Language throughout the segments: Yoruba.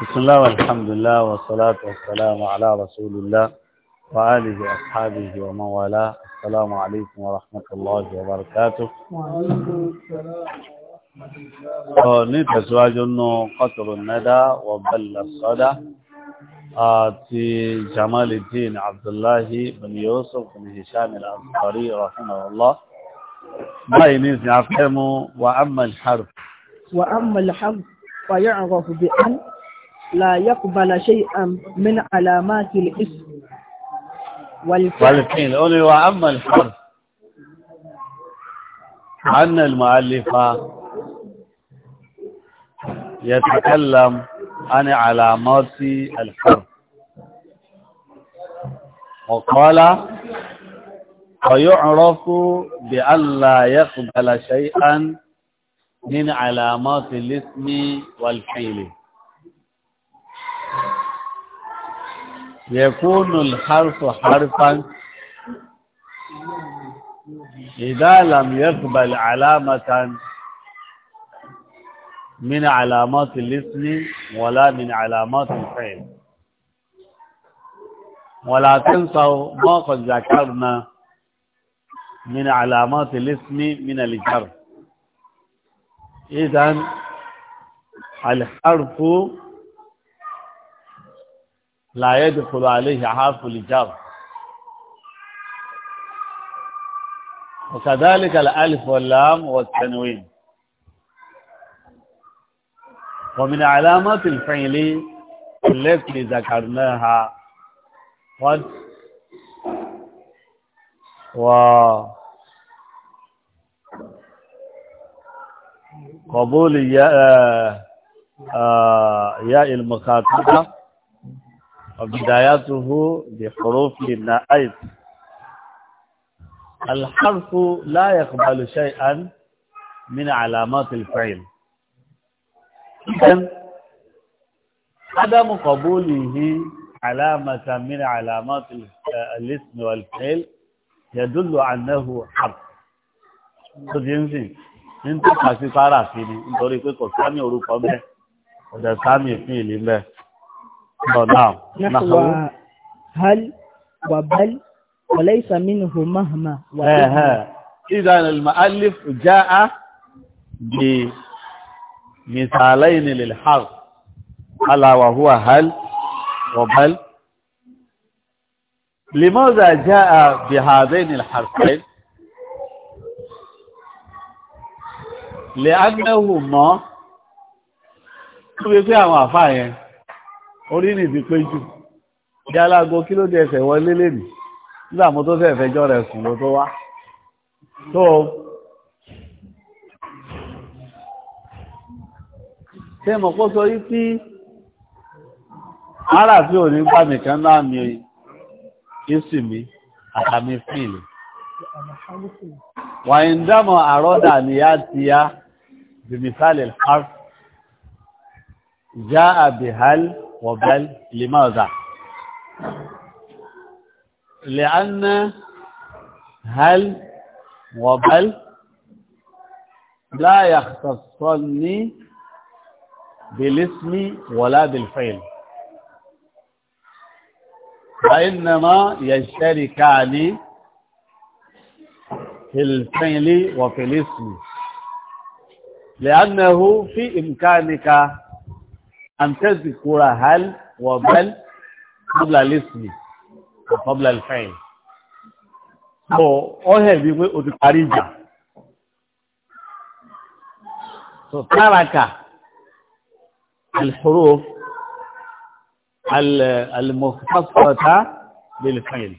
بسم الله والحمد لله والصلاة والسلام على رسول الله وآله وأصحابه ومن والاه السلام عليكم ورحمة الله وبركاته وعليكم آه، السلام ورحمة الله أنه قطر الندى وبل الصدى آتي آه، جمال الدين عبد الله بن يوسف بن هشام الأنصاري رحمه الله ما ينزل عفهمه وأما الحرف وأما الحرف فيعرف بأن لا يقبل شيئا من علامات الاسم والفعل قولي وأما الحرف عن المؤلفة يتكلم عن علامات الحرف وقال ويعرف بأن لا يقبل شيئا من علامات الاسم والفعل يكون الحرف حرفا إذا لم يقبل علامة من علامات الاسم ولا من علامات الفعل ولا تنسوا ما قد ذكرنا من علامات الاسم من الجر إذا الحرف لا يدخل عليه حرف الجر وكذلك الألف واللام والتنوين ومن علامات الفعل التي ذكرناها قد و قبول ياء آه، آه، يا المخاطبة وبدايته بحروف النائب الحرف لا يقبل شيئا من علامات الفعل عدم قبوله علامة من علامات الاسم والفعل يدل عنه حرف ní tó kà sí sára sí ni nítorí pé kò sáàmì orúkọ ko انت قاسي sáàmì ìfín ìlú mẹ́ آه، نعم, نعم. نحو هل وبل وليس منه مهما آه، آه. إذا المؤلف جاء بمثالين للحرف ألا وهو هل وبل لماذا جاء بهذين الحرفين لأنهما كيف يفهم pé orí nì ti pé jù bí alágo kí ló dé ẹsẹ̀ wọlé lèmi nígbà mo tó fẹ́ fẹjọ́ rẹ̀ sùn ló tó wá tó ṣe mọ̀ kó sọ yìí pé ara fi ò ní gbà nìkan náà mi ìsì mi àtàmì fíìlì wàyíńdámọ̀ àrọ́dà ni yá ti yá bìmísàlẹ̀ já àbìhálì وبل لماذا لأن هل وبل لا يختصني بالاسم ولا بالفعل وإنما يشتركان في الفعل وفي الاسم لأنه في إمكانك أمتزج تذكر هل وبل قبل الاسم وقبل الفعل so ó hẹ̀ bí pé o ti so táraka الحروف المختصة بالفعل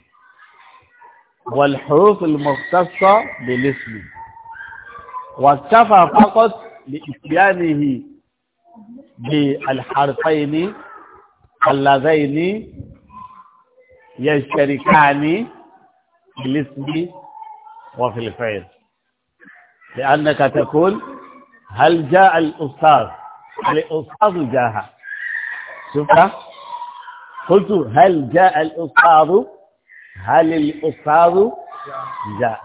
والحروف المختصة بالاسم واكتفى فقط لإتيانه بالحرفين اللذين يشتركان في الاسم وفي الفعل لأنك تقول هل جاء الأستاذ الأستاذ جاء شفت قلت هل جاء الأستاذ هل الأستاذ جاء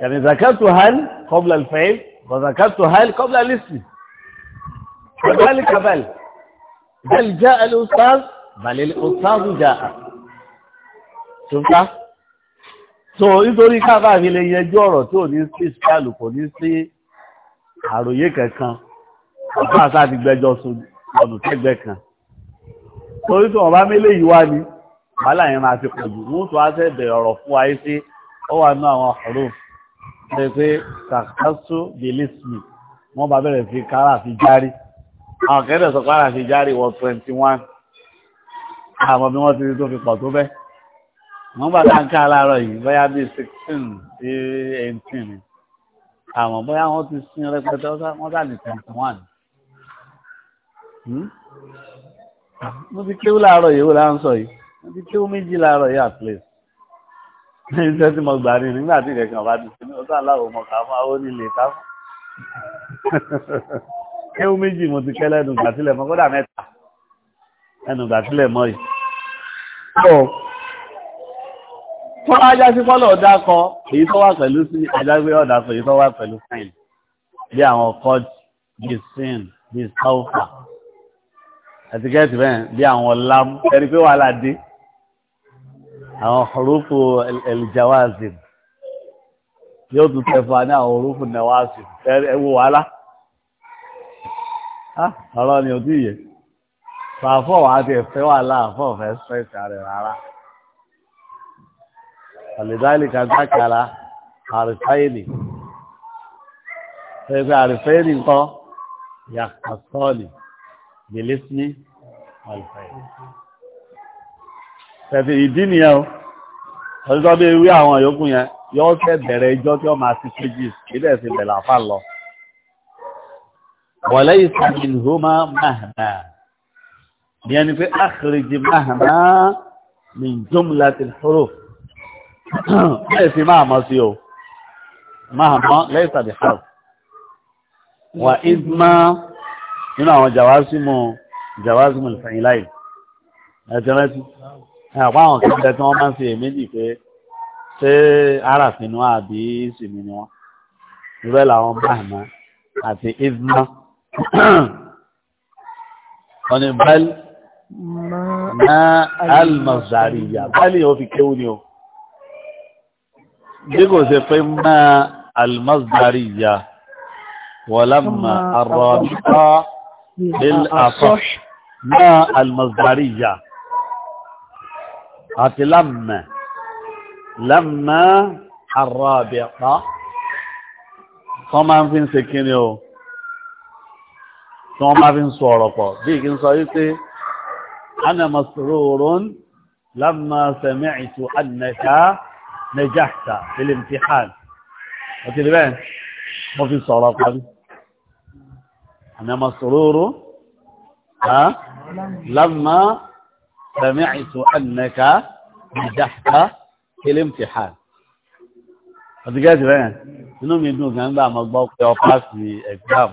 يعني ذكرت هل قبل الفعل وذكرت هل قبل الاسم كذلك بل بل جاء الأستاذ بل الأستاذ جاء شفت so nítorí kábà fi lè yẹjú ọ̀rọ̀ tí ò ní sí ìsìkàlù kò ní sí àròyé kankan ọ̀pá àṣà ti gbẹjọ sùn ọdún tẹ́gbẹ́ kan torí tí wọ́n bá mélé yìí wá ní wàhálà yẹn máa ti pọ̀ jù wọ́n tún á sẹ́bẹ̀ ọ̀rọ̀ fún wa yìí sí ó wà àwọn ọ̀rọ̀ ṣe pé kàkásù bìlísì wọ́n bá bẹ̀rẹ̀ sí kára fi járí àwọn kẹ́rẹ́ sọ kára fi járí wọ twenty one àmọ́ bí wọ́n ti rí tó fi pọ̀ tó bẹ́ẹ̀ wọ́n gbà tá à ń yìí bóyá bíi sixteen sí eighteen ni àmọ́ bóyá wọ́n ti sin rẹpẹtẹ wọ́n dà ní twenty one hmm? mo ti kéwú láàárọ̀ yìí wò láà ń sọ yìí mo ti kéwú méjì láàárọ̀ yìí at least iṣẹ́ tí mo gbà ní nígbà tí ìrẹ̀kàn bá ti ṣe ní ọ̀sán aláwọ̀ mọ̀ ká fún àwọn onílé ká fún. kéwú méjì mo ti kẹ́ lẹ́nu gbàtílẹ̀ mọ́ kódà mẹ́ta lẹ́nu gbàtílẹ̀ mọ́ yìí. tó ajá sí fọ́lọ̀ ọ̀dà kọ èyí tó wà pẹ̀lú sí ajá gbé ọ̀dà kọ èyí tó wà pẹ̀lú fẹ́ìn bí àwọn kọ́d bí sin bí sáwùfà àti kẹ́ẹ̀tì bẹ́ẹ̀ bí àwọn lámú ẹni pé wàhálà dé àwọn hurufu al-jawazim yóò tún tẹ̀fà ní àwọn hurufu nawazim ẹwọ wàhálà ọ̀rọ̀ ni ò tí yẹ fàáfọ́ wà á ti ẹ̀fẹ́ wà láàfọ́ ọ̀fẹ́ sẹ́ẹ̀sì rẹ̀ rárá àlìdáìlì kan dákàrà àrífáìlì ẹgbẹ́ àrífáìlì nǹkan yàtọ̀ sọ́ọ̀lì bìlísì àrífáìlì tẹ̀fì ìdí nìyẹn o ọjọ́ bí ewé àwọn yòókù yẹn yóò fẹ́ bẹ̀rẹ̀ ijọ́ tí ó máa ti péjì sílẹ̀ sí bẹ̀rẹ̀ àfà lọ. wọ̀lẹ́ ìsàmìn homa mahana ìyẹn ni pé akérèjì mahana ní jùmùlá ti fúrò bẹ́ẹ̀ fi máa mọ́ sí o máa mọ́ lẹ́yìn tàbí fúrò wà ìdúmá nínú àwọn jàwásímù jàwásímù ìfẹ̀yìnláì ẹ̀tẹ̀rẹ́tì ẹ̀pá àwọn kan tẹ́ tí wọ́n máa ń fi èméjì pé ṣé aráàfin wa àbí ìsinmi ni wọ́n ìrẹ́ làwọn báàmà àti ìdúná wọ́n ní báyìí na almazariya báyìí ó fi kéwú ni o bí kò ṣe pé ma almazariya wọ́lámà arọ́bíkọ́ ilé asọ́ ma almazariya àti lámà lámà àrọ̀bẹ̀pá tán máa ń fi ń ṣe kíni o tí wọ́n máa fi ń sọ ọ̀rọ̀ pọ̀ bí kí n sọ wípé ana masrurun lámà sami'tu annaka najahta fil imtihan ọtí ni bẹ́ẹ̀ mo fi sọ̀rọ̀ parí ana masrurun lámà. سمعت أنك نجحت في الامتحان ọdígẹ́sì rẹ̀ inú mi dùn gan gbà mọ́ gbọ́ pé ọpá sí exam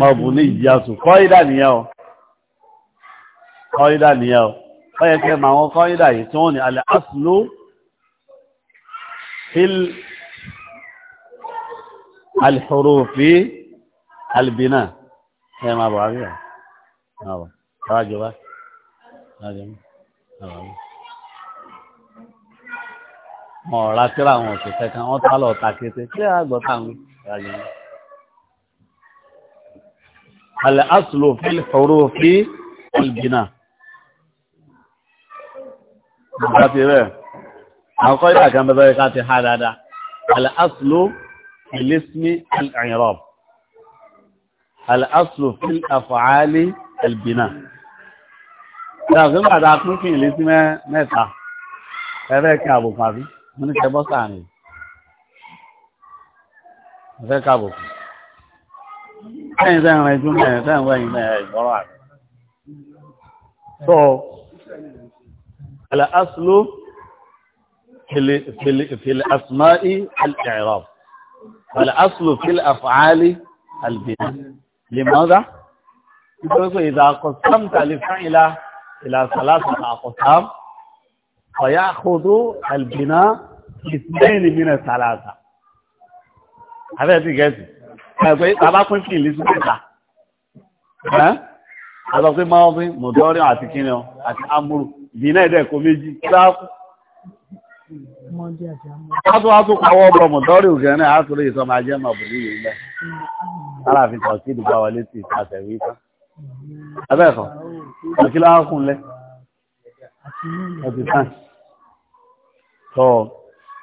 mọ́ bù ní ìyàsù kọ́ ìdá nìyẹn o kọ́ ìdá nìyẹn o ó yẹ kẹ́ màá wọn kọ́ ìdá yìí tí wọ́n ní alẹ́ asùlù fil alhurufi albina ẹ máa bọ̀ àríyá máa bọ̀ ara jọba láti mú ara rí. wọn ọ̀rá síra àwọn òṣèlú kankan wọn tá lọ́ọ́ ta kété kí àgbọ̀ tá ń ra jẹ mọ́. alẹ́ asùlù fílẹ̀ fọ́rọ́ fi olùbínà. nígbà tí rẹ̀ àwọn kọ́ ká ti há dáadáa alẹ́ asùlù fílẹ̀ sí ní alẹ́ al-aslu fil af'ali al-bina ṣàfihàn bàtà akúnfin ìlú sí mẹ́ta ẹ̀rẹ́ kí àbùkù àbí mo ní kẹ́ bọ́ sáà nìyí ẹ̀fẹ́ káàbọ̀ fún ẹ̀yìn tẹ́ ìrìn ìjú mẹ́rin tẹ́ ìwọ̀ ìyìn mẹ́rin ìgbọ́rọ̀ àti so al'aslu fil asma'i لماذا؟ يقول إذا قسمت الفعل إلى ثلاثة أقسام فيأخذ البناء اثنين من الثلاثة هذا يأتي جاتي طبعا كنت في اللي ها؟ هذا في ماضي مضارع أتكينيو أتأمر بناء ده كوميجي كلاب Wọ́n tó wá tó pàwọ́ ọmọ mọ̀tọ́rì òkè náà á tó lè sọ máa jẹ́ mọ̀ bùrú yìí lẹ́. Ara fi kàn sí ìdúgbà wọlé ti ìfàṣẹ̀ wí tán. Abẹ́ẹ̀kọ́, kàn kí láwọn kún lẹ́. Ọtí tán. Tọ́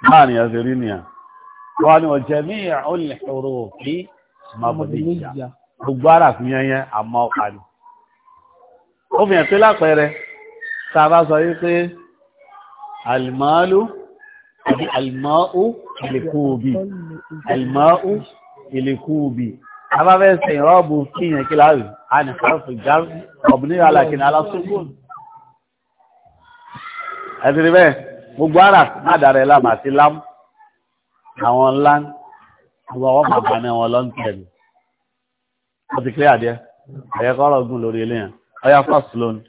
máa nìyàn ṣe rí nìyàn. Wọ́n ní ọ̀jẹ̀ ní ìrìnlẹ̀ òru òkè máa bọ̀ ní ìjà. Gbogbo ara fi yẹn yẹn àmọ́ ọ̀pá ni. Ó fi hàn pé lápẹẹrẹ, tá sọ yí pé àlìmọ́lú àbí àlùmáù ìlẹ̀kùnbì àlùmáù ìlẹ̀kùnbì abáfẹ́ sẹ̀yìn rọ́ọ̀bù kíyàn kí láàrù a ní sáàfù ìjárù ọ̀bùn nílò alákìní alásùgbò ẹ̀sìn bẹ́ẹ̀ gbogbo ara má dára ẹ̀ lámà sí lám àwọn ńlá àwọn ọmọ àgbàna wọn lọ́n tẹ̀lé wọ́n ti kílé àdé ẹ̀yẹ kọ́rọ̀ gùn lórí ilé yẹn ọyá fọ́ọ̀sì lónìí.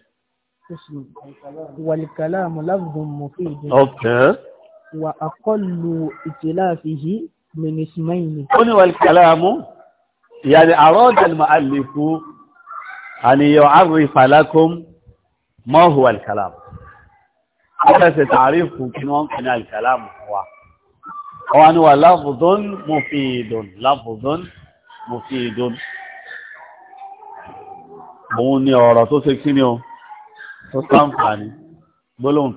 wàlìkàlà àmúlábùdùn mọ̀fí ìdí wà àkọlù ìtìláàfihì mìnísímẹ́yìnì. ó ní wàlí kàlámù yàní àrọ́dàlmà àlèkú àníyàn àrífàlákùn mọ́hù wàlí kàlámù. ó fẹ́sẹ̀ tààrífù kí wọ́n kì ní àlìkàlámù wa. wọ́n ni wà láfùdún mufidun láfùdún mufidun. òun ni tó ṣe kí ni tó sáǹfààní gbólóhùn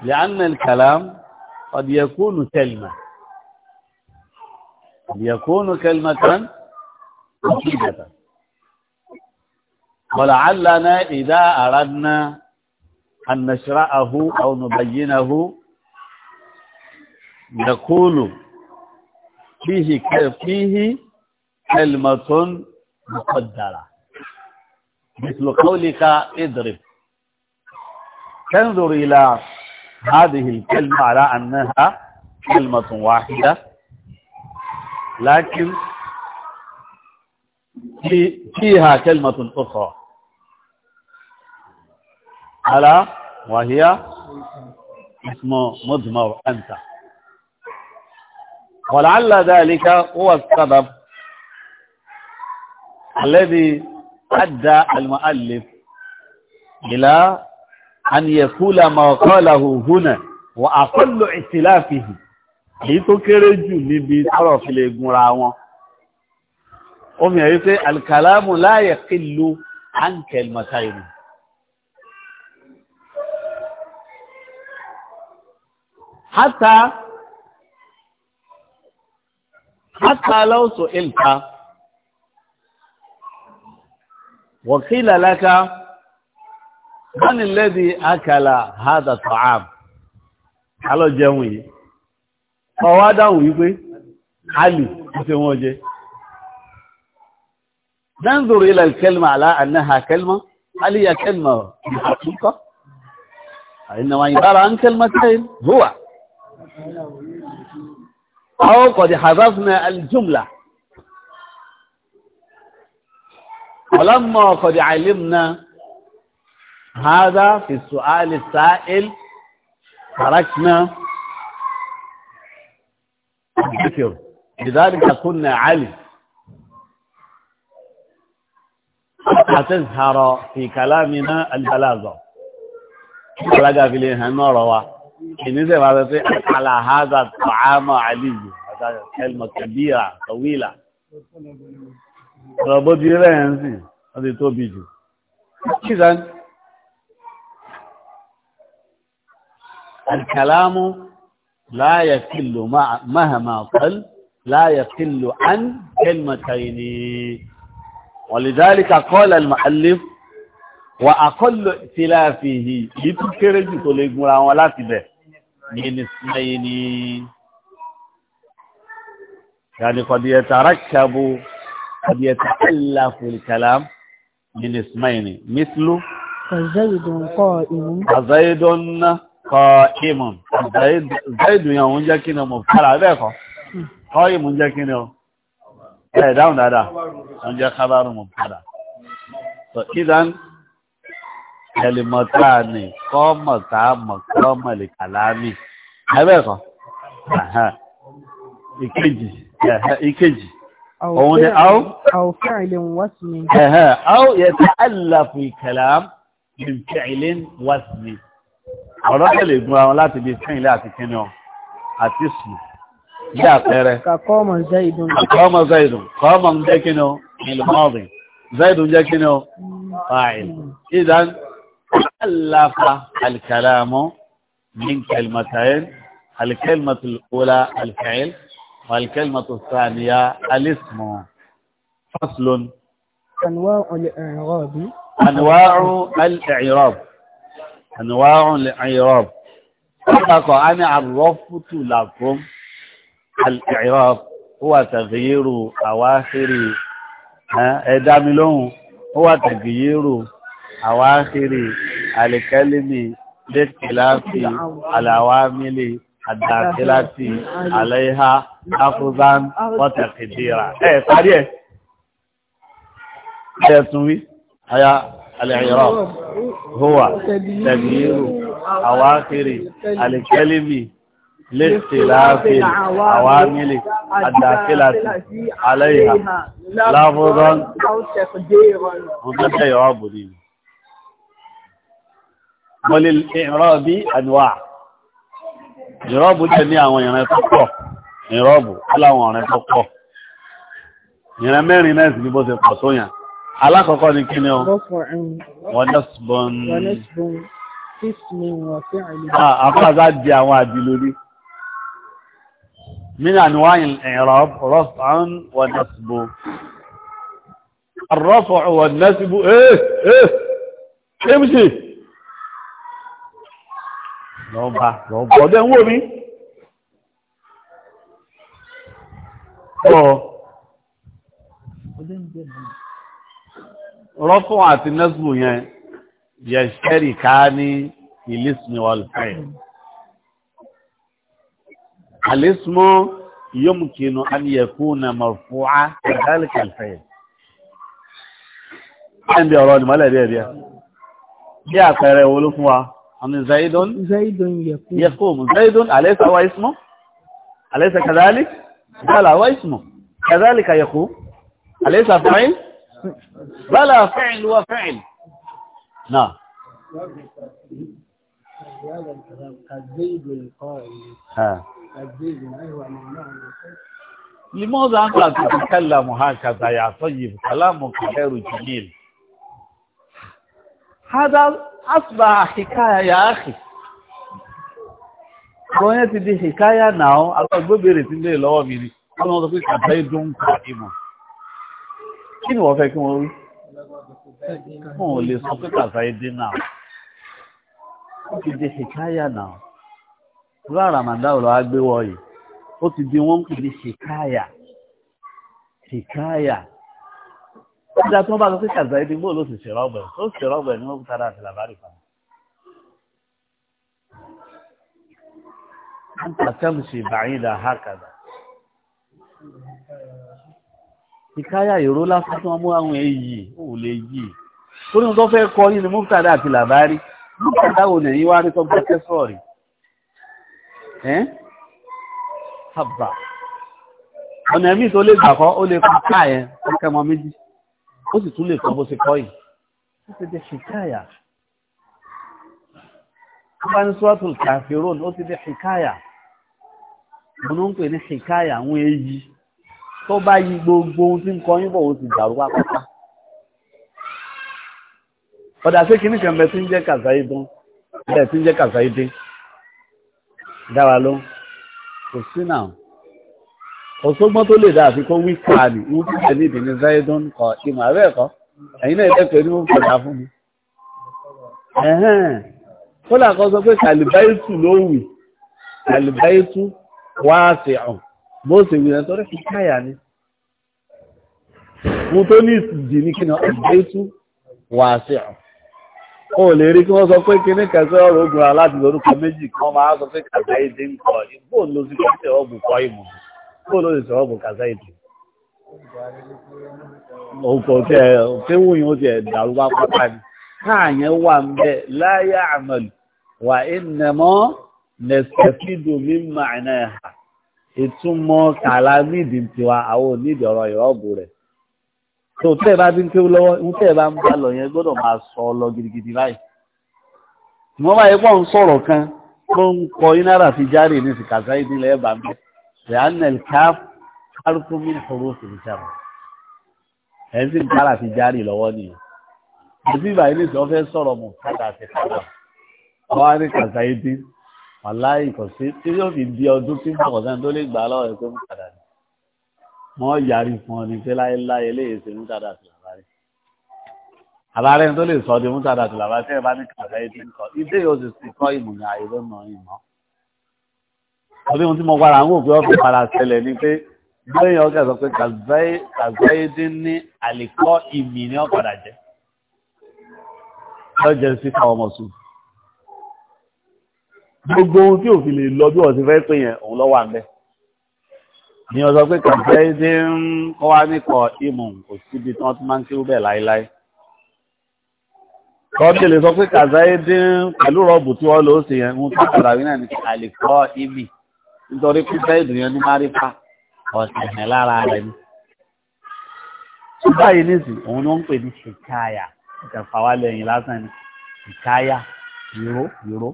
لأن الكلام قد يكون كلمة قد يكون كلمة مفيدة ولعلنا إذا أردنا أن نشرعه أو نبينه نقول فيه فيه كلمة مقدرة مثل قولك اضرب تنظر إلى هذه الكلمة على أنها كلمة واحدة لكن فيها كلمة أخرى ألا وهي اسم مضمر أنت ولعل ذلك هو السبب الذي أدى المؤلف إلى an yakula ma qalahu huna wa aqallu ikhtilafihi èyí tó kéré jù níbi tọ́rọ̀ fi lè gúnra wọn ó mìíràn wípé alkalamu la yaqillu an kalmatayni hatta hatta law su'ilta wa qila laka من الذي أكل هذا الطعام على جوي فوادا ويبي علي وتموجي ننظر إلى الكلمة على أنها كلمة هل هي كلمة حقيقة إنما عبارة عن كلمتين هو أو قد حذفنا الجملة ولما قد علمنا هذا في السؤال السائل تركنا الذكر لذلك قلنا علي ستظهر في كلامنا البلاغة بلاغة في الإنهان روى إنزل على هذا الطعام علي هذا كلمة كبيرة طويلة ربو ربط يرين هذه توبيجي إذن الكلام لا يقل مع مهما قل لا يقل عن كلمتين ولذلك قال المؤلف وأقل ائتلافه لتكرج تلك ولا به من اسمين يعني قد يتركب قد يتألف الكلام من اسمين مثل فزيد قائم فزيد قائم زيد زيد يوم جا كنا مبتدا بقى قائم جا كنا ايه داون دادا جا خبر مبتدا فاذا كلمتان قامتا مقام الكلام بقى اها ìkejì ìkejì òun أو أو أو fẹ́ìlín wọ́sìmí ẹ̀hẹ́ áwọ́ yẹ tààlàfù ìkàlám min fẹ́ìlín wọ́sìmí ọ̀rọ̀ tẹ̀lé gun àwọn láti bí fún ilé àti kíni ọ àti sùn bí àpẹẹrẹ kọ́ọ̀mù zaidun kọ́ọ̀mù ń jẹ́ kíni ọ ìlúmọ́ọ̀dìn zaidun jẹ́ kíni ọ fàáìl ìdán aláfa alkalamu min kalmatayin alkalmatu ula alkail والكلمة الثانية الاسم فصل أنواع الإعراب أنواع الإعراب أنواع لإعراب سبق أن عرفت لكم الإعراب هو تغيير أواخر إدام لهم هو تغيير أواخر الكلم باختلاف العوامل الداخلة عليها لفظا وتقديرا. إيه صحيح. أيا تنوي أيا العراق هو تغيير أواخر الكلم لاختلاف العوامل الداخلة عليها لفظا أو تقديرا ومتى يعاب دين وللإعراب أنواع إعراب جميع وين يتقوى إعراب على وين يتقوى ìran mẹ́rin náà sì ní bó ṣe pọ̀ tó yàn alákọ̀ọ́kọ́ ni kí ni ọ wọ́n nẹ́sùbọ́n àpáàzá di àwọn àdìlórí mínà ni wá ìrọ̀b rọ́fàn wọ́n nẹ́sùbọ́ rọ́fàn wọ́n nẹ́sùbọ́ eh eh ṣémṣì lọ́ba lọ́bọ̀ ọdẹ́ ń wò mí ọ̀ ọdẹ́ ń bẹ̀rẹ̀ rọ́fún àti nẹ́sùn yẹn yẹ̀ṣẹ́rì ká ní ìlísmi ọ̀lẹ́fẹ́ àlísmọ́ yomkinu an yakuna marfu'a kadhalika al-fi'l ẹ̀ndì ọ̀rọ̀ ni mọ́lẹ̀ bí ẹ̀bí ẹ̀ bí àpẹẹrẹ wo ló fún wa ọ̀nà zaidun zaidun yakum zaidun alaysa wa ismu alaysa kadhalik qala wa ismu kadhalika yakum alaysa بلا فعل وفعل نعم هذا الكلام كالزيد القائل كالزيد أيوة معناه لماذا أنت تتكلم هكذا يا طيب كلامك غير جميل هذا أصبح حكاية يا أخي كونت دي حكاية ناو أقول ببيرت اللي لو أميري أنا أقول لك أبدا kí ni wọ́n fẹ́ kí wọ́n wí wọn ò lè sọ pé kàfà èdè náà ó ti di ṣìkáyà náà ló àràmàdá ọ̀rọ̀ agbéwọ̀ yìí ó ti di wọ́n ń pè ní ṣìkáyà ṣìkáyà ó dá tí wọ́n bá sọ pé kàfà èdè gbọ́dọ̀ ló sì ṣèrọ̀ ọ̀gbẹ̀ ó ṣèrọ̀ ọ̀gbẹ̀ ni wọ́n tara àti làbárì kan. أنت تمشي بعيدا هكذا ìkáyà ìró lásán tí wọ́n mú àwọn èyí ò lè yí tó ní tó fẹ́ kọ yìí ni múftàdá àti làbárí múftàdá ò nẹ̀ yín wá rí tọ́gbọ́n tẹ́sọ̀rì ẹ́n àbà ọ̀nà ẹ̀mí tó lè gbà kọ́ ó lè kọ́ káyẹn kẹ́mọ méjì ó sì tún lè kọ́ bó ṣe kọ́ yìí ó ti dé ṣìkáyà ó bá ní sọ́ọ̀tù kàfíròn ó ti dé ṣìkáyà mo ń pè ní ṣìkáyà àwọn èyí tó bá yí gbogbo ohun tí ń kọ yín bọ̀ ó ti dàrú pápá ọ̀dà sí kìíní kan bẹ tí ń jẹ́ kàzáyé dán bẹ tí ń jẹ́ kàzáyé dé dára ló kò sí náà ọ̀sọ́gbọ́n tó lè dáa fi kó wí káàdì ń fún ẹ̀ ní ìdíní záyé dán kọ ìmọ̀ àbẹ́ ẹ̀kọ́ ẹ̀yin náà ẹ̀dẹ́pẹ̀ ní wọ́n fọ̀dà fún mi kódà kan sọ pé kàlìbáyé ló wì kàlìbáyé tù ọ̀hún bó ṣe wùyẹn sọ́rọ́ fi káyà ni mo tó ní ìdí ní kíni ọ̀gbẹ́tú wà sí ọ̀ o lè rí kí wọ́n sọ pé kíní kẹsẹ́ ọ̀rọ̀ ogun ra láti lórúkọ méjì kan máa sọ pé kàzáyédé ń kọ ìbò ló sì kọ́ sí ọ̀bùn kọ́ ìmọ̀ ìbò ló sì sọ ọ̀bùn kàzáyédé òkò tẹ òkéwù yìí ó ti dàrú wá pátá ni káàyẹn wà ń bẹ láyé àmàlù wà ìnẹmọ nẹsẹfídùmí màánà ẹ̀hà ìtumọ̀ kàlá nídìí tiwa àwọn onídìí ọ̀rọ̀ ìrọ́bù rẹ̀ tó tẹ́ ẹ bá bí ń kéwú lọ́wọ́ ń tẹ́ ẹ bá ń bá lọ yẹn gbọ́dọ̀ máa sọ ọ lọ gidigidi báyìí wọ́n bá yẹ pọ̀ ń sọ̀rọ̀ kan tó ń kọ inára fi járè ní sìkàtà ìdílé ẹ̀bà ń bẹ̀ rẹ̀ánẹ̀l káf kárùkùmí ìṣòro òṣèlú sẹ́wọ̀n ń sì ń kára fi járè lọ́wọ́ nìyẹn àti ìbàyẹ̀ ní sọ fẹ́ sọ̀rọ̀ mọ̀ kádà àti kádà ọ̀hánì kàtà ìdílé wàláì kò sí tí yóò fi di ọdún tí mọ̀ kọ̀sán tó lè gbà lọ́wọ́ ẹ̀ pé mú padà ní wọ́n yàrí fún ọ ní pé láéláé eléyìí ṣe mú padà sí làbárí àbárẹ́ tó lè sọ di mú padà sí làbárí tí ẹ bá ní kàfẹ́ ìdí ń kọ ìdí yóò sì sì kọ́ ìmọ̀ ní ààyè tó ìmọ̀ ọdún ohun tí mo wára ń wò pé ọ̀fẹ́ para ṣẹlẹ̀ ni pé lóyìn ọkẹ́ sọ pé kàfẹ́ gbogbo ohun tí òfin lè lọ bí ọ̀sìn fẹ́ pè yẹn òun lọ́wọ́ àǹbẹ́ ni ọ̀sọ́ pé kàǹfẹ́ dé ń kọ́ wá níkọ̀ ìmọ̀ kò síbi tí wọ́n ti máa ń kéwú bẹ̀ láéláé kọ́ọ̀tì lè sọ pé kàzáyé dín pẹ̀lú rọ́ọ̀bù tí wọ́n lò ó sì yẹn ń tó padà wí náà ní àlèkọ́ ìmì nítorí pípẹ́ ìdùnyẹn ní márífà ọ̀sẹ̀ ẹ̀ lára rẹ̀ ni. báyìí nísìn òun ló ń pè ní ṣìkáyà ìkàfà wálé ẹ̀yìn lásán ni ṣìkáyà ìró ìró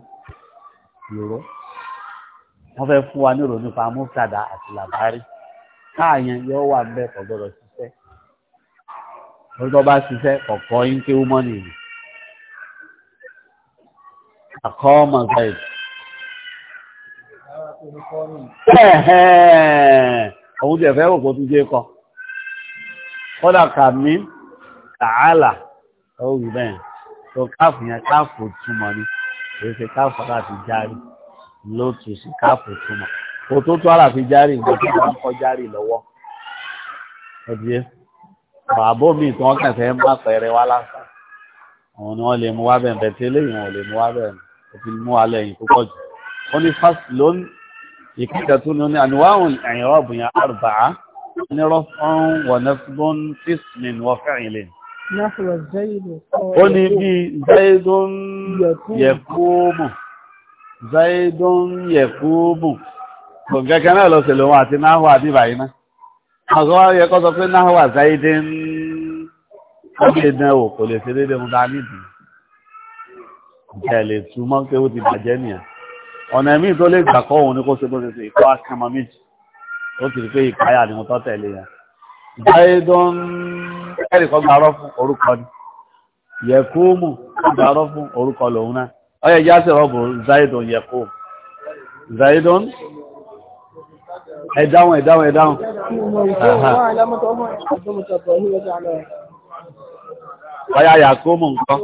ìró wọ́n fẹ́ fún wa ní ìròyìn nípa amúkàdá àti làbárí káàyàn yóò wà bẹ́ẹ̀ kò gbọ́dọ̀ ṣiṣẹ́ lórí tó bá ṣiṣẹ́ kọ̀kọ́ yín ké wọ́n mọ́nì yìí àkọ́ ọmọ zaid. òun ti ẹ̀fẹ́ òkú tún jẹ́ kọ́ kódà kàmí tààlà ó wù bẹ́ẹ̀ tó káàfù yẹn káàfù túmọ̀ ni kìí ṣe káàfù aláfi járí ló tù sí káàfù túmọ̀ kò tó tó aláfi járí nǹkan tó máa ń kọ́ járí lọ́wọ́ ẹ̀díyẹ bàbá mi tí wọ́n kẹfẹ́ má pẹ̀rẹ̀ wá lásán àwọn ni wọ́n lè mú wá bẹ́ẹ̀ bẹ́ẹ̀ tí eléyìí ò lè mú wá bẹ́ẹ̀ ó ti mú wa lẹ́yìn tó jù ó ní fásitì lónìí ìkẹ́kẹ́ tó ní àníwáhùn ẹ̀yìn ọ̀bùn yẹn àrùbá ní rọ́fọ́n wọ̀nẹ́fún físmin wọ́fẹ́yìn lẹ́yìn ó ní bí Zaidon yẹ̀kúmù zaidun yẹ̀kúmù kò gẹ́gẹ́ náà lọ sẹ̀lẹ̀ wọn àti náà wà bíbà yìí náà àwọn ọmọ yẹ kọ́ sọ pé náà wà zaidun ọgbẹ̀dẹ̀wò kò lè ṣe dédé mú dání dì ẹ̀ lè túmọ̀ pé ó ti bàjẹ́ nìyẹn ọ̀nà ẹ̀mí tó lè gbà kọ́ òun ní kó ṣe bó ṣe ìkọ́ kẹ́lì kan gbàrọ́ fún orúkọ ni yẹ̀kúmù gbàrọ́ fún orúkọ lòun náà ọyẹ já sí rọ́bù zaidon yẹ̀kúmù zaidon ẹ̀dáhùn ẹ̀dáhùn ẹ̀dáhùn ọyá yàkúmù nǹkan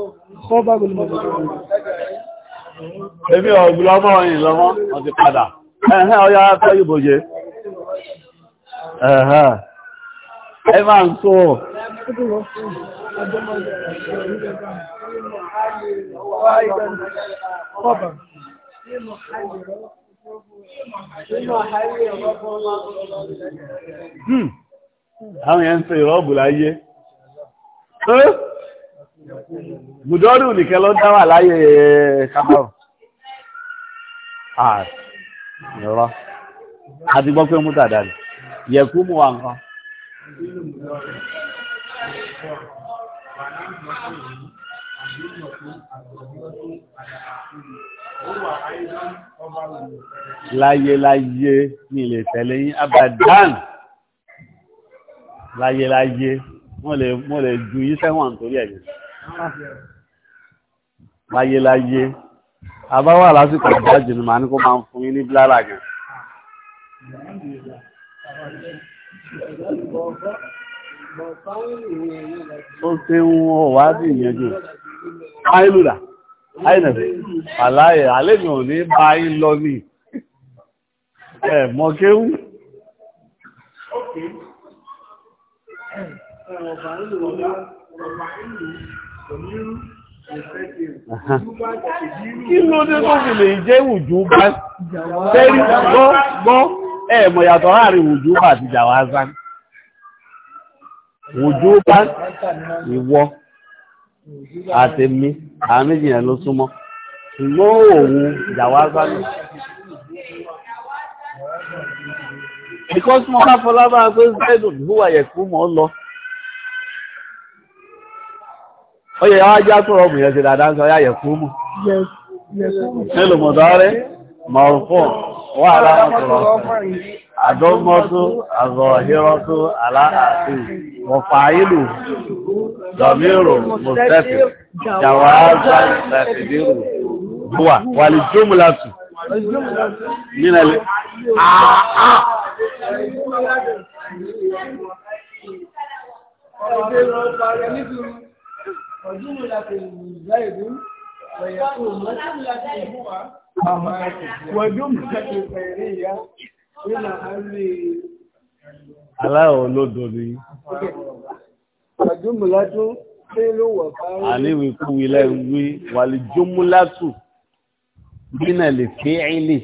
èmi ọ̀gbùn lọ́mọ́ ọ̀yìn lọ́mọ́ ọ̀ti padà ẹ̀hẹ́ ọyá fẹ́ yìí bòjé ẹ̀hẹ́ máa ń tó خبر àwọn yẹn ń ṣe ìrọ́bù láyé gùdọ́rù nìkẹ́ ló dáwà láyé eh, kàbáwù ààrọ̀ ah, àti gbọ́ pé mú tàdà yẹ̀kú mú wa nǹkan والعلمة láyéláyé ní ilé tẹ̀lé yín abadan láyéláyé wọ́n lè ju yí sẹ́wọ̀n torí ẹ̀yìn láyéláyé àbáwà lásìkò àjájì ni màá ní kó máa ń fún yín ní blára gan ó ṣe ń wọ́n wá sí ìyẹnjú ayélujá ayélujá àláyé àlejò ní bá yín lọ ní ẹ̀ mọ́kéwú. Kí ló dé tó fi lè jẹ́ ìwùjú bá? Tẹ́rí gbọ́, gbọ́, ẹ̀ mọ̀ yàtọ̀ láàrin ìwùjú bá àti jàwázán. wujuba bá ìwọ àti mi àwọn méjì ló súnmọ́ ṣùgbọ́n òun ìyàwó agbára. because mo bá a pé zaidu ìhùwà lọ. oye yẹ wá tó rọrùn yẹn ti dáadáa sọ yá yẹ mọ́. mélòó mọ̀ mọ̀ọ́fọ́ wà láwọn وفاعله ضمير مستتر جوازا تقديره هو والجملة من ال وجملة خيرية إلى هذه aláwọ̀ olódo ni. àjùmùlátú ṣé ló wà kárí. àníwèékúwì lẹ́wí wàlìjùmùlátù bínà lè fẹ́ẹ́lì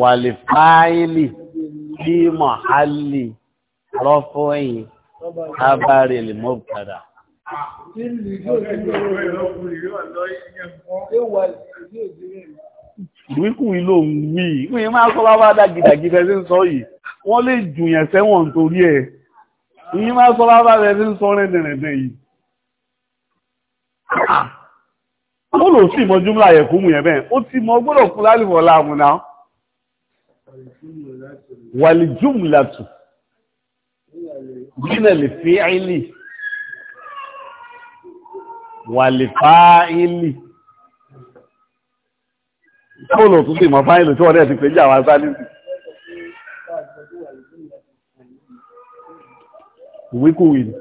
wàlìfáìlì bí mọ̀hálì rọ́fọ́ ẹ̀yìn kábàárì lè mọ́ padà. Ìwíkùn ìlò ń wí, ìwé máa kọ́ bá bá dá gidàgidà sí ń sọ yìí wọ́n lè jùyàn sẹ́wọ̀n nítorí ẹ̀ ìyí máa sọ bá rẹ̀ ní sọ́rẹ́ dẹ̀rẹ̀dẹ̀ yìí ah! ó lò sí ìmọ̀ jùmlà yẹ̀kú mú yẹn bẹ́ẹ̀ ó ti mọ gbọ́dọ̀ kú lálìfọ̀ láàmù náà wàlì jùmlà tù gínà lè fi àìlì wàlì fáìlì ó lò tún sí ìmọ̀ fáìlì tí wọ́n dẹ̀ ti pè jà wá ìwékòwé ni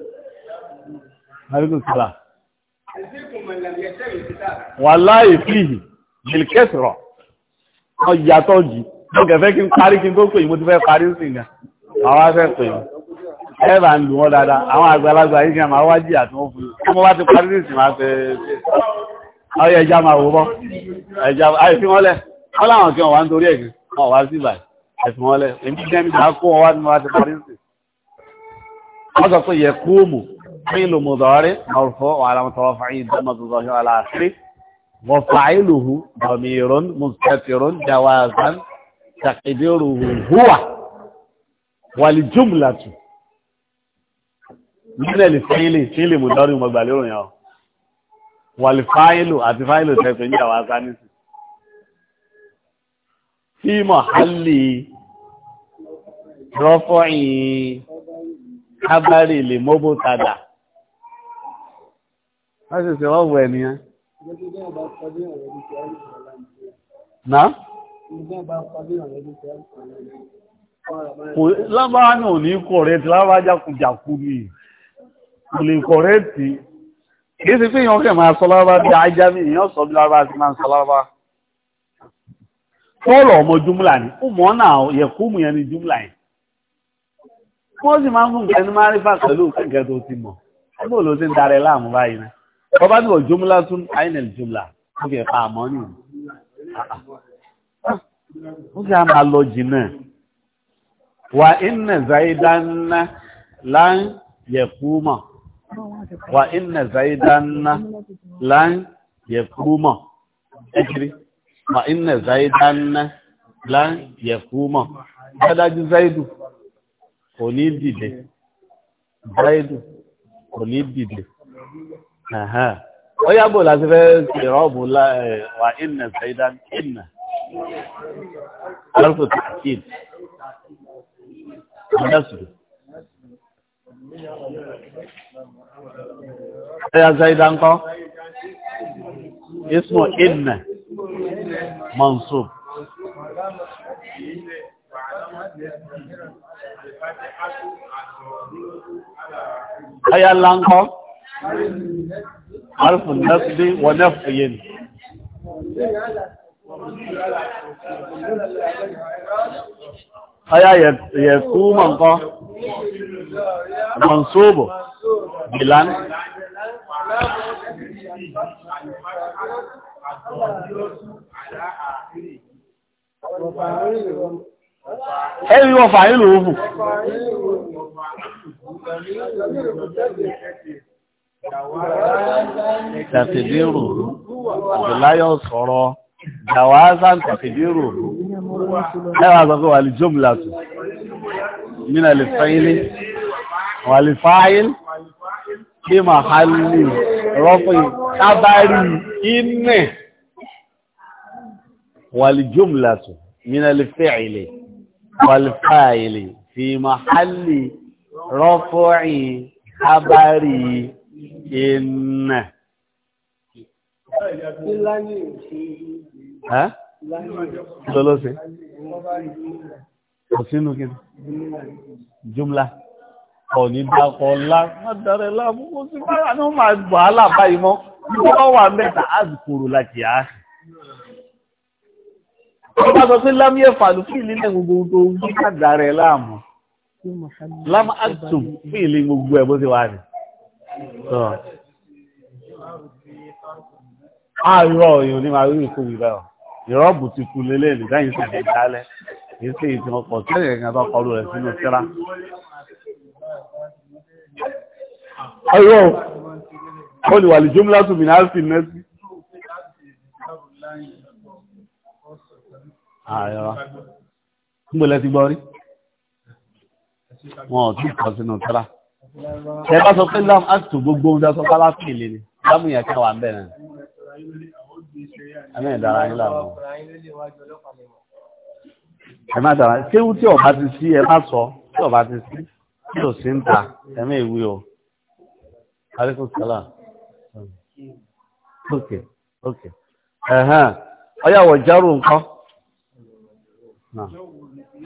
àríkùsílà wà láì fíìhì bilkẹsìrọ̀ wọ́n yàtọ̀ jì wọ́n kẹfẹ́ kí n parí kí n tó pè mo ti fẹ́ parí sí ìgbà àwọn afẹ́ pè mí ẹ̀bà ń lù wọ́n dáadáa àwọn àgbàlagbà yìí kí a máa wájì àti wọ́n fún un mo bá ti parí sí ìsìn máa fẹ́ ọyọ ẹja máa wò bọ́ ẹja àìsí wọn lẹ wọ́n láwọn kí wọ́n wá nítorí ẹ̀gbìn wọ́n wá sí ìbàdàn àìsí wọn lẹ èmi jẹ́ mi máa kó wọn wá ti parí sí wọ́n sọ pé yẹ̀kúùmù وعلامة mùdọ́rí mọ̀rùfọ́ wàlámùtọ́wọ́fàáyìn على aláàfin وفعله ضمير مستتر جوازا تقديره هو والجملة من الفعل فعل مضارع مغباليرون يا والفاعل àti فاعل تẹ̀sọ̀ جوازا في محل رفع kábàárì lè mọ́bò tàdà wọ́n sì ṣe wọ́n wọ ènìyàn. náà. lábára náà ní kọ̀rẹ́tì lábára jákujàku ni kò lè kọ̀rẹ́tì kìí sí fíyàn kẹ́ máa sọ lábára bí ajá mi bí máa sọ tọ́lọ̀ ọmọ ni náà wọ́n sì máa ń mú nǹkan ní márífà pẹ̀lú kẹ̀kẹ́ tó ti mọ̀ ẹgbẹ́ òlò tí ń darẹ̀ láàmú báyìí rẹ̀ ọba ní òjòmúlá tún àìnẹ̀lì jùmlá ó fi ẹ̀ka àmọ́ ní òun ó sì á máa lọ jìnnà wà ìnà zaidanna láń yẹ̀kúmọ̀ wà ìnà zaidanna láń yẹ̀kúmọ̀ ẹ̀kiri wà ìnà zaidanna láń yẹ̀kúmọ̀ dáadájú zaidu kò ní dìde báyìdù kò ní dìde ó yàgbò láti fẹ́ ìrọ́bù wà ìnà ṣẹ́dá ìnà alfu tàkìd ọ̀dọ́sùn ẹ̀yà ṣẹ́dá ń kọ́ ismu ìnà mansub ọya láńkọ́ arfin nasbi wa nafiyin ọya yẹ túmọ̀ nǹkan mọ̀nsóbò bilan ẹ̀rí wọ́n fàílù òfù tẹ̀sídìrò àbẹ̀láyọ̀ sọ̀rọ̀ jàwázán tẹ̀sídìrò ẹwà sọ pé wà lè jọ́m látù nínà lè fẹ́ilé wà lè fáyín kí ma ha lè rọ́pìn tábárí inẹ̀ wà lè jọ́m látù nínà lè fẹ́ilé wà lè fáyín fi ma ha lè rọ́fọ́ì abárì ìnà. Lọ́lọ́sẹ̀. Kò sínú kí ni? Jumla. Ọ̀ní dákọ̀ ọlá, má darẹ̀ láàmú, kò sí bára ní ó máa wàhálà báyìí mọ́. Wọ́n wà mẹ́ta, á zùkúrò láti àárín ọba sọ pé lámìẹ fàlùfíì nílẹ̀ gbogbo tó ń bí kàdà rẹ̀ lámà àtùm fún ìlú gbogbo ẹ̀ bó ti wà ní. àárọ̀ èèyàn ní máa rí ìkó ìgbà ọ̀ ìrọ́bù ti kú lélẹ̀ nígbà yìí sì ń dálẹ̀ kìí sí ìtì ọkọ̀ tí ẹ̀yẹ̀ kan tó kọlu rẹ̀ sínú síra. ọ̀rọ̀ ó ní wàlì jùmlá tún mi náà sì mẹ́sì. ààrẹ wa ń gbọ́lẹ̀ ti gbọ́ rí wọn ò tí kọ sínú tọ́lá ẹ bá sọ pé lam ato gbogbo ohun dáṣọ pálá pèlè ni lámù yẹn kí wà ń bẹ̀rẹ̀ ẹ mẹ́rin dára yín láàmú ẹ má dára séwu tí ọba ti sí ẹ má sọ tí ọba ti sí tí ò sí ń ta ẹ ìwé o alaikum salaam ok ok ẹ̀hán ọyàwó járù nǹkan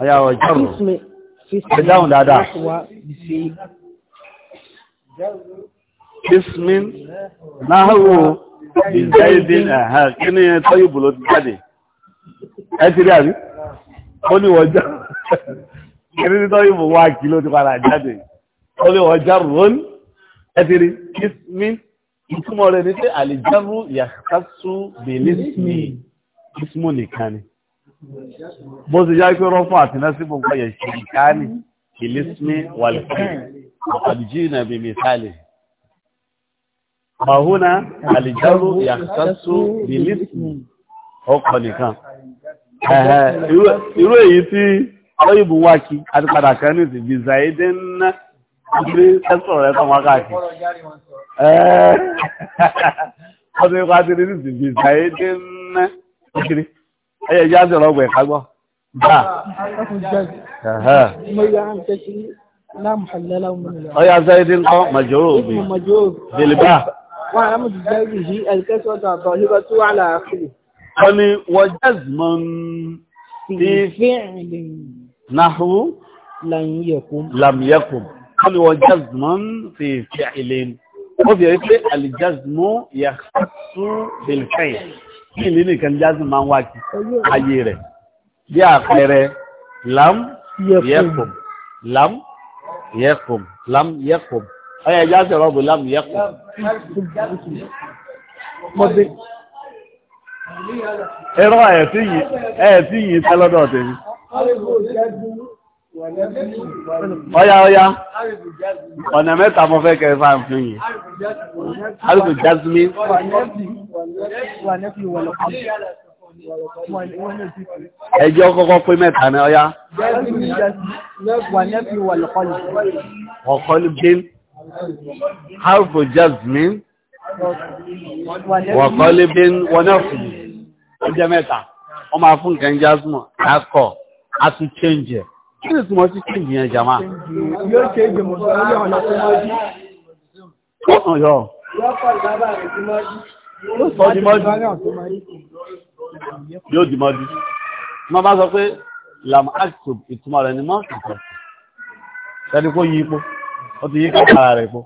ọyàwó járù ẹ dáhùn dáadáa ismin náhùn ìzẹ́ìdín ẹ̀hà kí ní ẹ tọ́yì bùlọ ti jáde ẹ ti rí àrí ó ní wọ́n já kí ní tọ́yì bù wá kí ló ti padà jáde ó ní wọ́n já rón ẹ ti rí ismin ìtumọ̀ rẹ̀ ní pé àlìjárú yàtásù bèlésmi ismu nìkan ni bó ti já pé rọ́fún àti násìbò nǹkan yẹ̀ ṣe ìkáàlì ìlísmí wàlìkì àbìjì ìnàbì mìsáàlì mahuna alìjáró ìyàkásásó ìlísmí ọkọ̀ nìkan irú èyí tí ọlọ́yìnbó wá kí àti padà kan ní ti bí zaidé ńlá gbé tẹ́sọ̀ rẹ̀ tán káàkiri ẹyẹ já sọ̀rọ̀ ọgbẹ̀ ká gbọ́. ọyà zayidi ńkọ màjòrò òbí bilba. wọ́n ní wọ́n jẹ́sìmọ́ ní nahu lam yakun wọ́n ní wọ́n jẹ́sìmọ́ fi fi'ilin ó fi rí pé aljazmu yàtú bilfẹ́yìn kí ìlú nìkan ní jásùn máa ń wá kí ayé rẹ̀ bí àpẹẹrẹ lam yẹkùn lam yẹkùn lam yẹkùn ọyọ ẹja sọ̀rọ̀ bò lam yẹkùn. irọ́ ẹ̀ tí yìí tẹ́ tèmi ọ̀yá ọ̀yá ọ̀nà mẹ́ta mo fẹ́ kẹ́ fáwọn fún yìí alifu jasmi ẹjọ́ kọ́kọ́ pé mẹ́ta ní ọ̀yá ọ̀kọ́lù bín alifu jasmi ọ̀kọ́lù bín wọnẹ́fù ọjọ́ mẹ́ta ọmọ afúnkẹ́ jasmi akọ àti change kí ni túnmọ̀ sí kí ìyẹn jama yóò ṣe ìgbè mùsùlùmí ọ̀nà tó mọ́jú ọ̀hàn yọ yóò sọ di mọ́jú yóò di mọ́jú ma bá sọ pé lam aktub ìtumọ̀ rẹ̀ ni mọ́ kàkọ́ ẹni kó yí ipò ó ti yí kàkàrà rẹ̀ ipò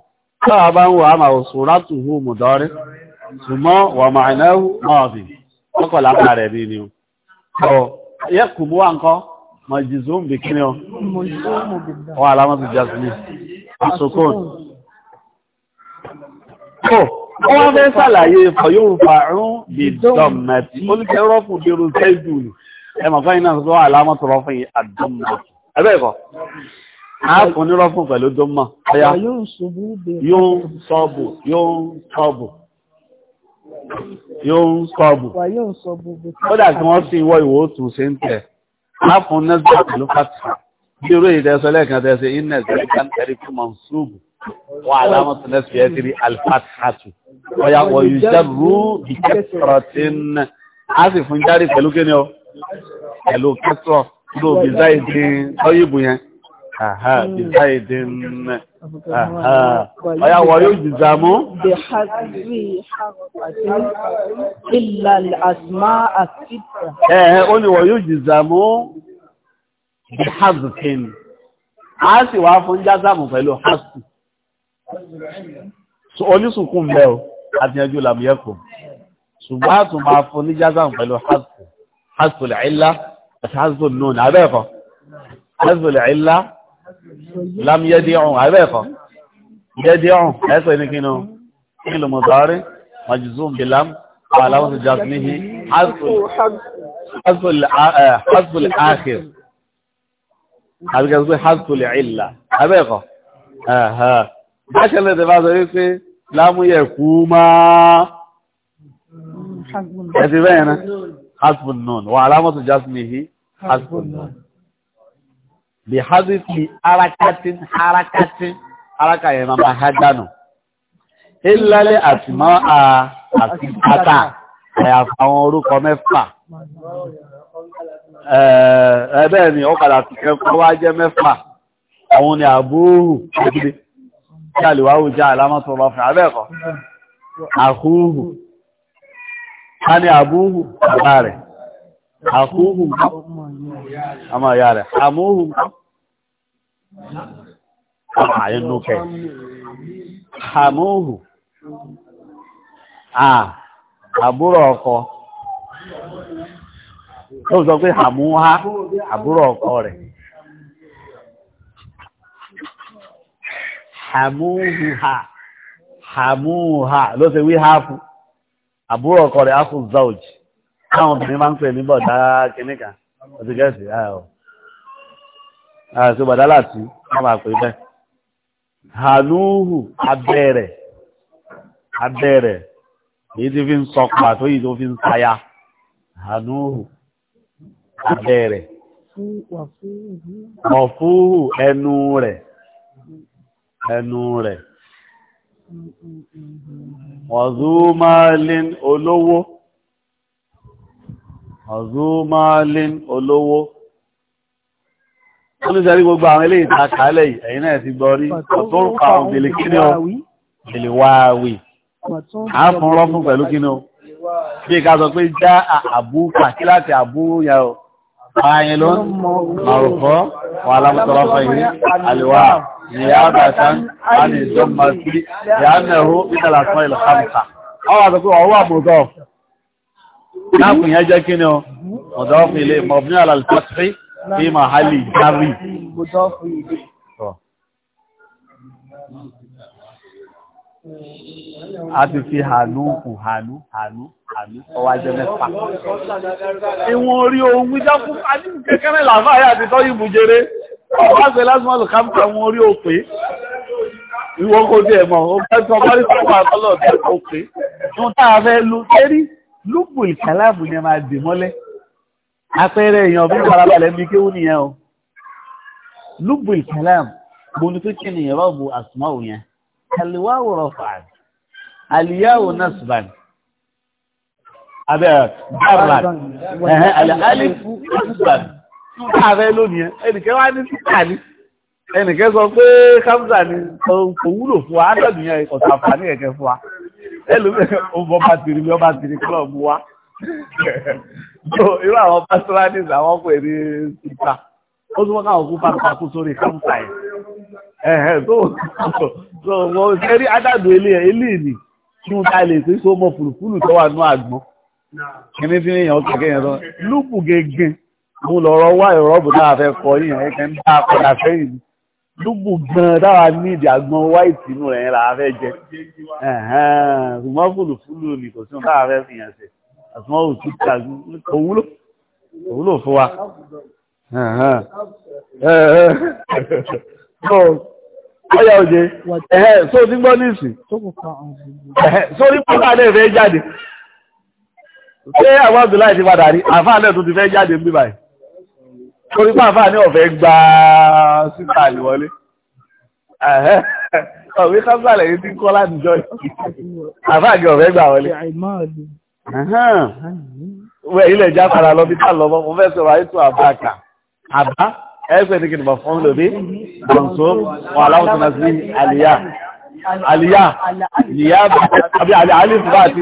káà bá ń wà á máa òṣùrá tùhú mùdọ́rí ṣùgbọ́n wà máa náà mọ́ọ̀fì ọkọ̀ lápá rẹ̀ bí ni ó yẹ kùmú wa nǹkan majizum bí kí ni ọ wọ́n alamọ́tò jasmine asokon kò wọ́n fẹ́ sàlàyé fọ̀yóò fàárún bí dọ̀mẹ̀tì olùkẹ́rọ́fù bí rúkẹ́ ìdùnnù ẹmọ̀ fẹ́yìn náà sọ́wọ́ alamọ́tò rọ́fún yìí àdọ́mọ̀ ẹgbẹ́ ẹ̀kọ́ ààfún ní rọ́fún pẹ̀lú dọ́mọ̀ ọya yóò sọ́bù yóò sọ́bù yóò sọ́bù ó dà kí wọ́n sí ìwọ ìwò ó ṣe ń tẹ̀ má fún nẹ́sìlá pẹ̀lú fásitì bí irú èyí tẹ́sọ lẹ́ẹ̀kan tẹ́sẹ iná ẹ̀sẹ̀ kan tẹ́rí fún mọ̀nsúbù wà alámọ̀tò nẹ́sìlá yẹn ti rí alifásitì ọ̀yà wọ̀nyí jẹ́rú bí kẹsọ̀rọ̀ ti ń á sì ọ̀yà wọ̀ yóò jìzà mú. bí hasbi àti illa asma àtìtà. ẹ̀ẹ́ ó ní wọ̀ yóò jìzà mú bí hasbin a sì wá fún jásàmù pẹ̀lú hasbi onísùnkún bẹ́ o àti ẹjú làmúyẹ́kùn ṣùgbọ́n a tún máa fún ní jásàmù pẹ̀lú hasbi hasbi ilá àti hasbi nùn abẹ́ẹ̀kọ́ hasbi ilá lam yẹ́dí ọ̀hún àbẹ́ ẹ̀kọ́ yẹ́dí ọ̀hún ẹ̀sẹ̀ ní kínú kílù mọ̀tàrí majzum bí lam aláwọ̀sù jasmihi hasbul akhir àbíkẹ́sí hasbul illa àbẹ́ ẹ̀kọ́ bákẹ́lẹ̀ tẹ bá sọ wípé lámú yẹ kú máa ẹ̀sì bẹ́ẹ̀ náà hasbul nun wà aláwọ̀sù jasmihi hasbul nun bí hazifi harakatin harakatin haraka yẹn máa ha dànù ìlàlẹ̀ àti mọ́ a àti pátá àyàfà àwọn orúkọ mẹ́fà ẹ̀ẹ́bẹ́ẹ̀ ni ó padà ti kẹ́kọ́ wá jẹ́ mẹ́fà àwọn ni àbúrú ìdílé tí a lè wáwù jẹ́ àlámọ́tò ọba fún abẹ́ẹ̀kọ́ àkúhù ni àbúhù bàbá rẹ̀ àkúhù ọmọ ìyá rẹ̀ àmúhù a ah, yin nuka hamuhu àbúrò ah, ọkọ tó sọ pé hamuha àbúrò ọkọ rẹ̀ hamuha hamuha ló ṣe wí hafu àbúrò ọkọ rẹ̀ hafu zauj káwọn obìnrin máa ń pè ní àti ah, bàdá láti wọ́n máa pè bẹ́ẹ̀ hànúhù abẹ́rẹ̀ abẹ́rẹ̀ èyí tí fi ń sọ pàtó yìí tó fi ń sáyà hànúhù abẹ́rẹ̀ mọ̀fúhù ẹnu rẹ̀ ẹnu rẹ̀ ọ̀zúmọ́lín olówó ọ̀zúmọ́lín olówó ó ní sẹ́rí gbogbo àwọn eléyìí ta kálẹ̀ yìí ẹ̀yin náà ti gbọ́ rí ọ̀tọ́rù pa àwọn bèlè kí ni ó bèlè wáwì á fún rọ́fún pẹ̀lú kí ni ó bí ká sọ pé já àbú kàkí láti àbú yà ó ààyè ló ń màrùfọ́ wà lábùtọ́rọ́ fún yìí àlèwà ní yà á bàtà á ní ìjọba sí yà á nẹ̀hó nígbàlá fún kàmùkà àwọn àti pé ọwọ́ àbùdọ́ láàpù yẹn jẹ́ kí ni ó ọ̀dọ́ fún ilé mọ̀bí fi Hali jari a ti fi hànú kù hànú hànú hànú ọwá jẹ mẹ́fà ìwọ̀n orí ohun wíjá fún adínú kékeré làfáà àti tọ́yí bùjẹrẹ ọwá ṣe lásìmọ́ lùkámkà wọn orí òpè ìwọ̀n kò dé ẹ̀mọ̀ ọgbẹ́tọ̀ bọ́rí sọ́pọ̀ àtọ́lọ̀ òpè apẹ́rẹ èèyàn bí farabalẹ̀ bí kéwú nìyẹn o lúgbù ìkẹlẹ́m gbóni tó kí nìyẹn bá bu àsùmáwò yẹn kàlíwáwò rọfàn àlìyáwò nasban abẹ́ barban alifu nasban ààrẹ lónìí ẹnìkẹ́ wá ní síkà ní ẹnìkẹ́ sọ pé hamza ni kò wúlò fún wa ádọ́dún yẹn ọ̀sán àǹfààní kẹ̀kẹ́ fún wa ẹlòmíràn ọba tìrì ọba tìrì kílọ̀ bu wa so irú àwọn pastolatis àwọn pè ní síta ó tún wọ́n káwọn kú pàtàkì sórí kámpà ẹ̀ ẹ̀hẹ̀ tó so mo ṣe rí adádùn ilé ẹ̀ ilé ìní kí wọ́n ta lè sí so mọ fùlùfùlù tó wà nú àgbọn kíní tí èèyàn ó kẹ̀kẹ́ yẹn tán lúpù gẹ́gẹ́ mo lọ́rọ̀ wá ìrọ́bù náà fẹ́ kọ yìnyín ẹ̀kẹ́ ń dá padà sẹ́yìn lúgbù gan dára ní ìdí àgbọn wáìtì inú rẹ̀ yẹn làá fẹ́ jẹ ṣùgbọ́n fùlùfùlù ni kò sí ohun táà fẹ́ fi yàn ṣe àtúnwọ́n ò sí ká òun fún wa. Ọya òde, ẹ̀hẹ́ só nígbọ́ ní ìsìn, só nígbọ́ náà lè fẹ́ jáde. Ṣé àwọn Abdullahi ti padà rí, àfáà náà tó ti fẹ́ jáde ń bí báyìí. Torí pé àfáà ní ọ̀fẹ́ gba síta àlìwọlé. Ọ̀wé kápítàlẹ̀ yìí ti kọ́ láti jọ Àfáà ní ọ̀fẹ́ gbà wọlé wẹ́ ilẹ̀ ìjà padà lọ bí ká lọ mọ́ mo fẹ́ sọ̀rọ̀ àìsù àbáàkà àbá ẹ̀ẹ́sẹ̀ ní kìnnìbọ̀ fún lòdì gbọ̀nsó wọn aláwọ̀ tó náà sí àlìyá àlìyá ìyá àbí àlìfù bá ti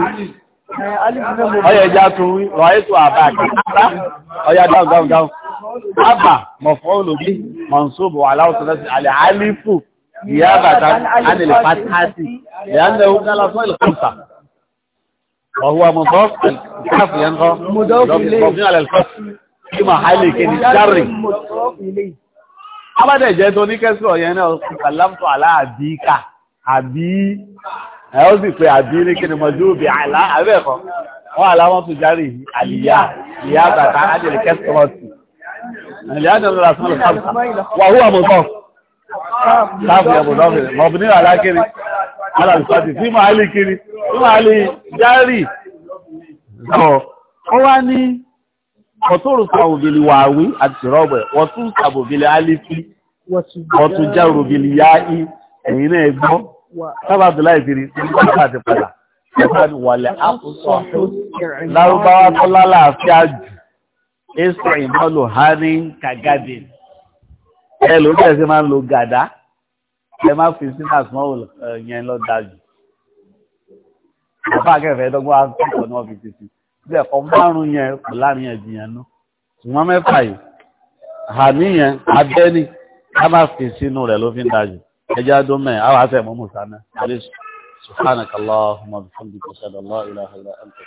ọyọ ìjà tún wí rọ àìsù àbáàkà àbá ọyọ dáhùn dáhùn dáhùn àbá mọ̀fọ́ lòdì gbọ̀nsó wọn aláwọ̀ tó náà sí àlìyá àlìfù ìyá bàtà ánìlẹ̀ pátásì ìyá ń lẹ́wọ́ وهو مضاف الكاف ينغى مضاف إليه على الفصل في محل كده جر مضاف إليه أبدا جاتو نكسر يعني تكلمت على أبيك أبي ẹ ó sì pé àbí ní kíni mọ̀jú bí àlá abẹ́ẹ̀kọ́ wọ́n aláwọ́ tó járí àlìyá ìyá bàtà ájẹ̀lẹ̀ kẹ́sìtọ́ọ̀tì àlìyá jẹ́lẹ̀ lásán lọ́pàá wà húwà mọ̀tọ́ sáàbù yẹ mọ̀tọ́ mọ̀bù ní àlákiri alàlùfàtì tí máa lè kiri tí máa lè járì ọ wá ní ọ̀tọ́rù sàbòbìlì wàáwí àti rọ́bẹ̀ ọ̀tún sàbòbìlì alifi ọ̀tún járòbìlì yáì ẹ̀yìn náà gbọ́ sábàbìlà ìbìrì nígbà àti padà wàlẹ̀ àkùsọ̀ lárúbáwá tó lálàáfíà jù èsì ìmọ̀lù hání kàgádìn ẹ lóbi ẹ̀sìn máa ń lo gàdá ẹ má fi sínú àsùnmọ́ yẹn lọ dájú bàbá akẹ́fẹ́ dọ́gbọ́n akẹ́kọ̀ọ́ ni wọ́n fi ti sí bẹ́ẹ̀ kọ́ márùn yẹn kò láàrin ẹ̀jì yẹn nú ṣùgbọ́n mẹ́fà yìí àní yẹn abẹ́ni ká má fi sínú rẹ̀ ló fi ń dájú ẹjẹ́ adómẹ́ àwọn afẹ́ mọ́mọ́sánná alẹ́ subhanakallahumma bihamdika ashhadu an la ilaha illa anta